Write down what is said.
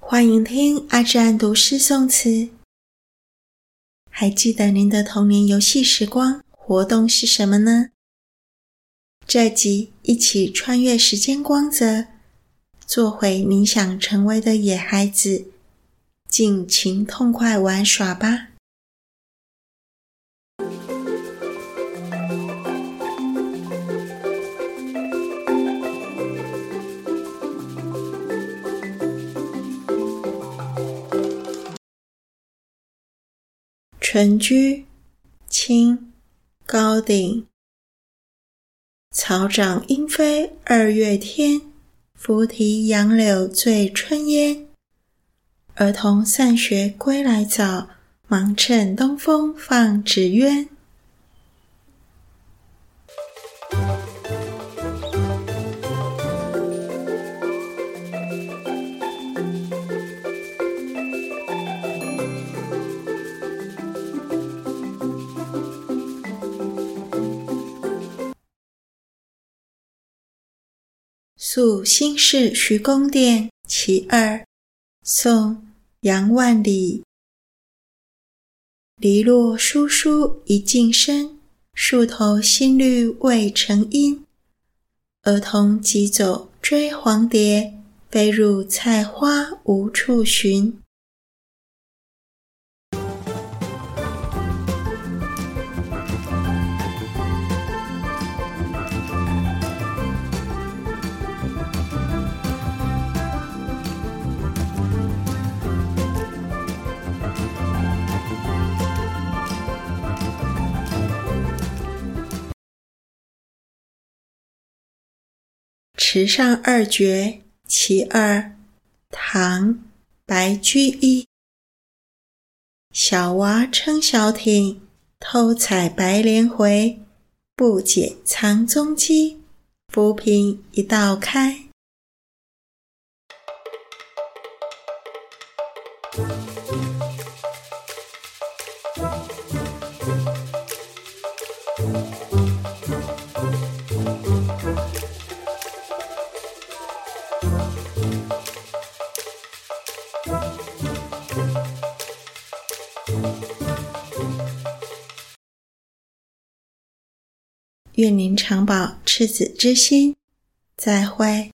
歡迎聽阿志安讀詩誦詞。還記得您的童年遊戲時光活動是什麼呢？這集一起穿越時間光澤。做回你想成為的野孩子，盡情痛快玩耍吧。《村居》清·高鼎，草長鶯飛二月天。拂堤楊柳醉春煙，兒童散學歸來早，忙趁東風放紙鳶。宿新市徐公店其二，宋·楊萬里。籬落疏疏一徑深，樹頭新綠未成陰。兒童急走追黃蝶，飛入菜花無處尋。池上二絕其二，唐·白居易。小娃撐小艇，偷採白蓮回。不解藏蹤跡，浮萍一道開。願您常保赤子之心，再會。